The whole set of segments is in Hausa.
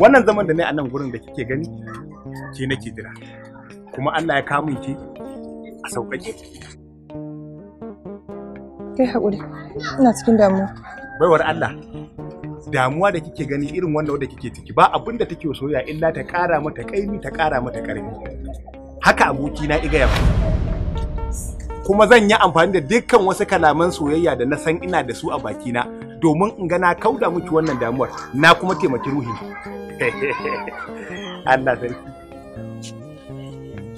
wannan zaman da na a nan gurin da kike gani ke nake jira kuma Allah ya kamun ki a sauƙaƙe kai haƙuri ina cikin damuwa baiwar Allah damuwa da kike gani irin wannan da kike ciki ba abin da take soyayya illa ta ƙara mata kaimi ta ƙara mata ƙarfi haka aboki na iga kuma zan yi amfani da dukkan wasu kalaman soyayya da na san ina da su a bakina domin in gana kauda miki wannan damuwar na kuma taimaki ruhi Allah sarki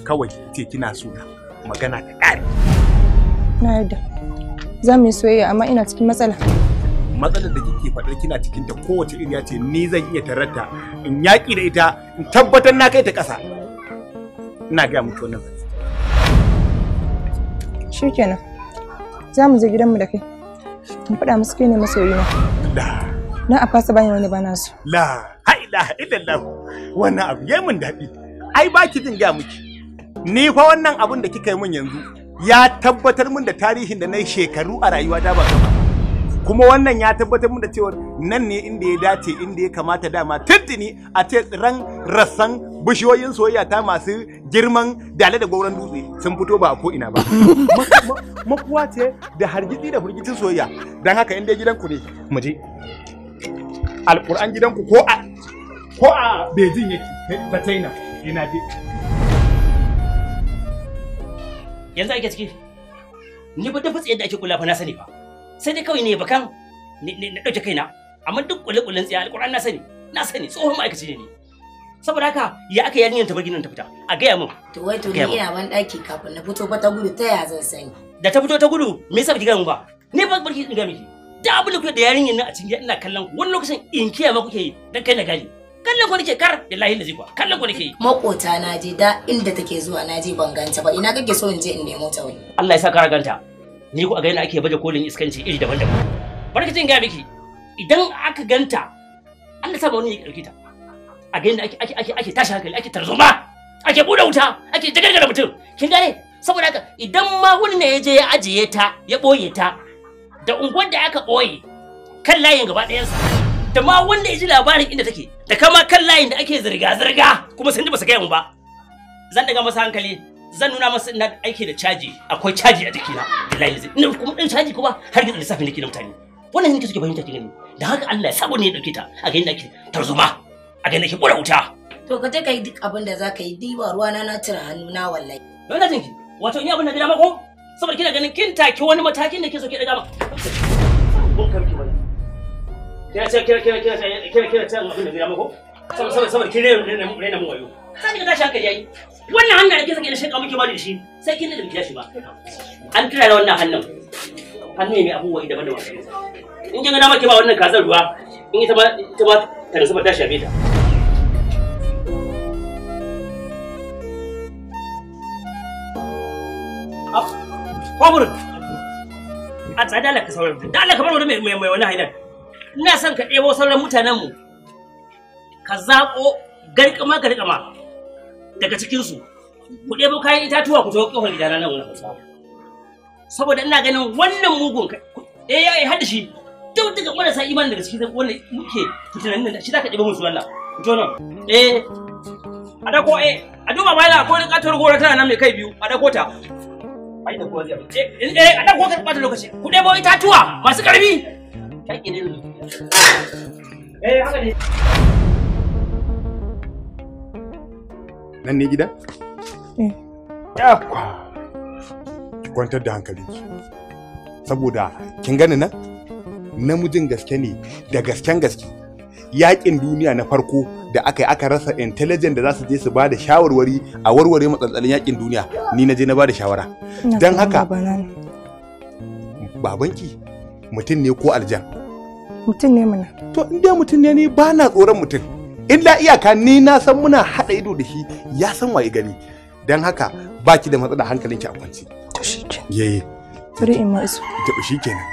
kawai ce kina so magana ta ƙare na yarda za mu yi soyayya amma ina cikin matsala matsalar da kike faɗar kina cikin ta kowace iriya ce ni zan iya tararta in yaƙi da ita in tabbatar na kai ta ƙasa ina gaya muku wannan shikenan za mu je gidanmu da kai in faɗa musu kai ne masoyina la na a fasa bayan wani bana su la ha ilaha illallah wannan abu yayi min daɗi ai ba ki jin gaya miki ni fa wannan abun da kika yi min yanzu ya tabbatar min da tarihin da na shekaru a rayuwa da ba gaba kuma wannan ya tabbatar mun da cewa nan ne inda ya dace inda ya kamata dama tuntuni a ce tsiran rassan bishiyoyin soyayya ta masu girman dale da gauran dutse sun fito ba a ko ina ba makuwa ce da hargitsi da firgicin soyayya don haka inda gidanku ne mu je gidan gidanku ko a ko a Beijing yake ta China yana bi yanzu ake ciki ni ba da fitsi yadda ake kula fa na sani ba sai dai kawai ne ba kan na ɗauke kaina amma duk ƙulle-ƙullen tsaya alƙur'an na sani na sani tsohon ma'aikaci ne saboda haka ya aka yarinyar ta bar ta fita a gaya mun to wai to ni ina ban daki kafin na fito ba ta gudu ta ya zan sani da ta fito ta gudu me yasa baki gaya mun ba ni ba barki in ga miki da abin da kuke da yarinyar nan a cikin ina kallon wani lokacin in kiya ma kuke yi dan kai na gane kallon ku nake kar da lahi da zikwa kallon ku nake makota na je da inda take zuwa na je ban ganta ba ina kake so in je in nemo ta wai Allah ya sa ka ganta ni ku a gaina ake baje kolin iskanci iri daban-daban barkacin ga miki idan aka ganta Allah sa ba wani ya ɗauki ta a gaina ake ake ake ake tashi hankali ake tarzoma ake buɗe wuta ake jagargara mutum kin gane saboda haka idan ma wani ne ya je ya ajiye ta ya ɓoye ta da unguwar da aka ɓoye kan layin gaba ɗayansa da ma wanda ya ji labarin inda take da kama kan layin da ake zirga-zirga kuma sun ji ba su gaya mu ba zan daga masa hankali zan nuna masa ina aiki da caji akwai caji a jikina billahi zai ina kuma din caji kuma har gizo lissafin nake na mutane wannan ne suke fahimta cikin da haka Allah ya sabo ne ya dauke ta a ganin nake tarzuma a ganin nake bura wuta to ka je kai duk abin da zaka yi diwa ruwa na na tira hannu na wallahi don da jinki wato in abin da gida mako saboda kina ganin kin take wani matakin da ke so ke daga ma ko kan ki kira kira kira kira kira kira kira kira kira kira kira kira kira kira kira kira mun wayo Sani ka tashi hankali yayi. Wannan hannun da ke sake da shaka muke ba da shi sai kin da biki shi ba. An tura da wannan hannun. Hannu ne mai abubuwa daban-daban. In kin ga dama ke ba wannan kazar ruwa in ita ba ita ba ta rasu ba ta shafe ta. Kwamur! A tsada da ka sauran da Allah ka bar wani mai wani haidan. Ina son ka ɗebo sauran mutanenmu ka zaɓo zaƙo garkama garkama daga cikinsu ku ɗebo kayan itatuwa ku tawo kofar gidana nan wani hausa. saboda ina ganin wannan mugun kai eh ya yi hada shi duk daga marasa iman daga cikin wannan muke fitinan nan shi zaka ɗebo musu wannan ku to nan eh a dako eh a duba mala ko da katuwar gora tana nan mai kai biyu a dako ta ai da kowa zai eh eh a dako ka bata lokaci ku ɗebo itatuwa masu karfi kai ne eh haka ne nan ne gida? Eh. Yakwa! Ki kwantar da hankalinki. Saboda kin gani nan? Namijin gaske ne da gasken gaske. Yaƙin duniya na farko da aka yi aka rasa intelligent da za su je su ba da shawarwari a warware matsalolin yaƙin duniya ni na je na ba da shawara. Don haka babanki mutum ne ko aljan. Mutum ne mana. To in dai mutum ne ni ba na tsoron mutum. illa iyaka ni na san muna haɗa ido da shi ya san waye gani don haka baki da matsala hankalin ki a kwanci to shi ke yayi turi in masu shi kenan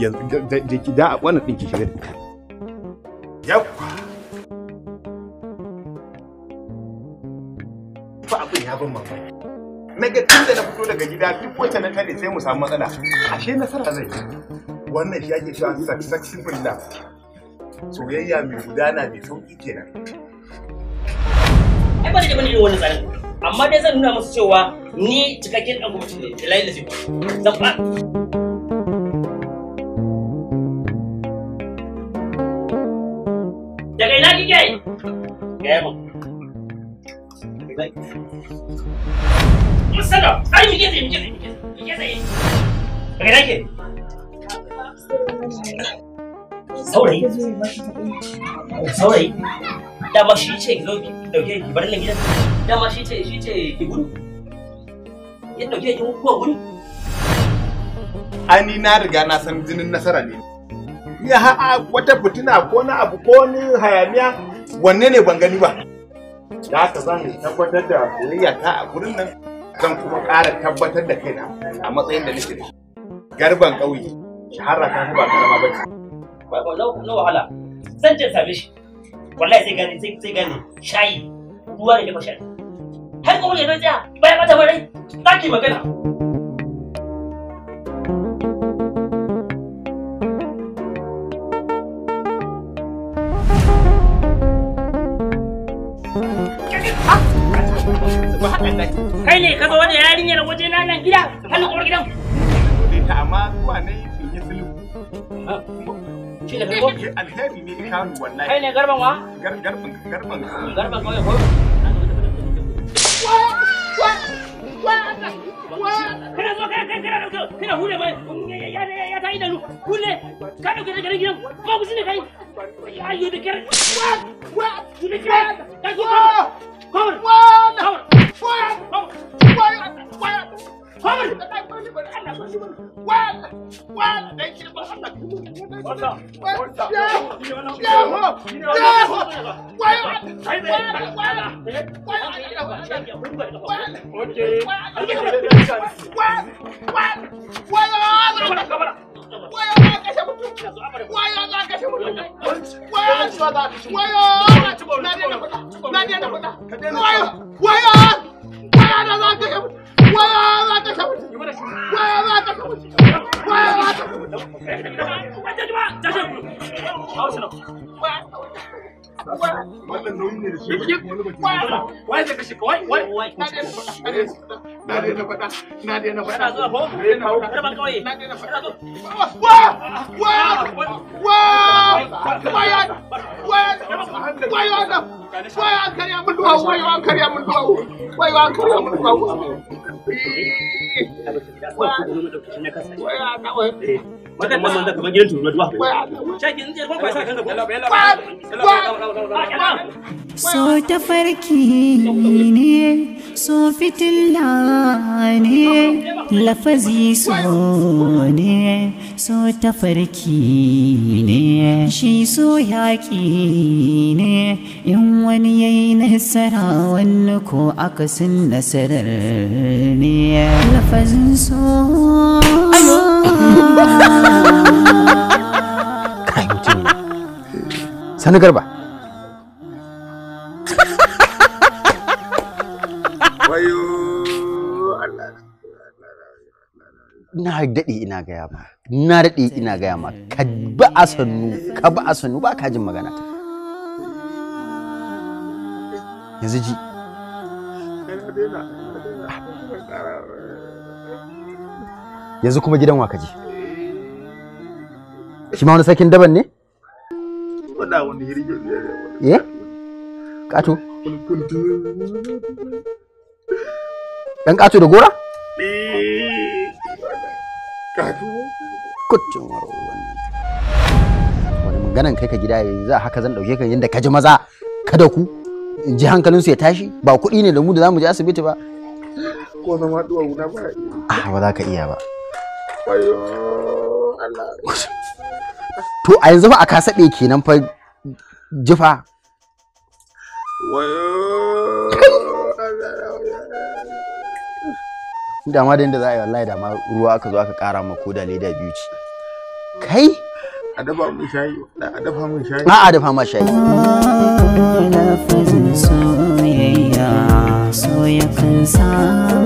yanzu da ki da wannan din ki shiga yawa fa abin ya ban mamaki na ga tun da na fito daga gida duk wacce na tare sai mu samu matsala ashe nasara zai wannan shi ake cewa successful love soyayya mai gudana mai sauki kenan. Ai ba da jama'a ne wani tsarin, amma dai zan nuna musu cewa ni cikakken ɗan gwamnati ne, da layin zai zan ba. Daga ina kike? Gaya mu. Musala, ai mike tsaye, mike tsaye, mike tsaye. Daga ina saurayi saurayi ma shi ce ki zo ki dauke ki bar nan gidan ma shi ce shi ce ki gudu ya dauke ki kuwa gudu ani na riga na san jinin nasara ne ya ha wata fitina ko na abu ko ni hayaniya wanne ne ban gani ba da haka zan tabbatar da soyayya ta a gurin nan zan kuma ƙara tabbatar da kaina a matsayin da nake da shi garban ƙauye shahara ta ba karama ba ce na wahala zan same shi wallahi sai gane sai gane shayi ruwa da dafa har kuma ya tsaya baya bata bare zaki magana kai ne ka zo da yarinyar waje na nan gida hannun kuma gidan shi ne garba alheri ne kanu wallahi kai ne garban wa garban garban garban kawai ko kana zo kai kai kana dauke kana hule ba ya ya ta idanu hule ka dauke da garin gidan ba ku sine kai ayyo da kar wa wa ku ne kai ka zo kawai kawai kawai kawai kawai Wayo! Wayo! Wayo! Wayo! Wayo! Wayo! wannan nauyi ne da shi wani baki wai da kashi kawai wai wai na dai na dai na faɗa na dai na faɗa zuwa ko na na faɗa ban kawai na dai na faɗa zo wa wa wa wai ya wai wai ya wai an karya mun duwawu wai an karya mun duwawu wai an karya mun duwawu So tafarki ne so fitilla ne lafazi so tafarki ne shi so yaƙi ne in wani yayi nasara wani ko akasin nasarar ne lafazin so garba na daɗe ina gaya ma na daɗe ina gaya ma ka ba a sannu ka ba a sannu ba ka jin magana ta yanzu ji yanzu kuma gidan wa ka ji shi ma wani sakin daban ne eh kato dan kato da gora eh. wani maganan kai ka gida yanzu a haka zan dauke ka yanda ka ji maza kada ku in ji hankalin su ya tashi ba kuɗi ne da mu da za mu je asibiti ba ko na ma duwa guna ba a ah, ba za ka iya ba to a yanzu fa a kasabe kenan fa jifa wayo da ma da yadda za a yi wallahi da ma ruwa aka zo aka kara ma ko da leda biyu ci kai a dafa mun shayi a dafa mun shayi a dafa ma shayi lafazin soyayya so ya kan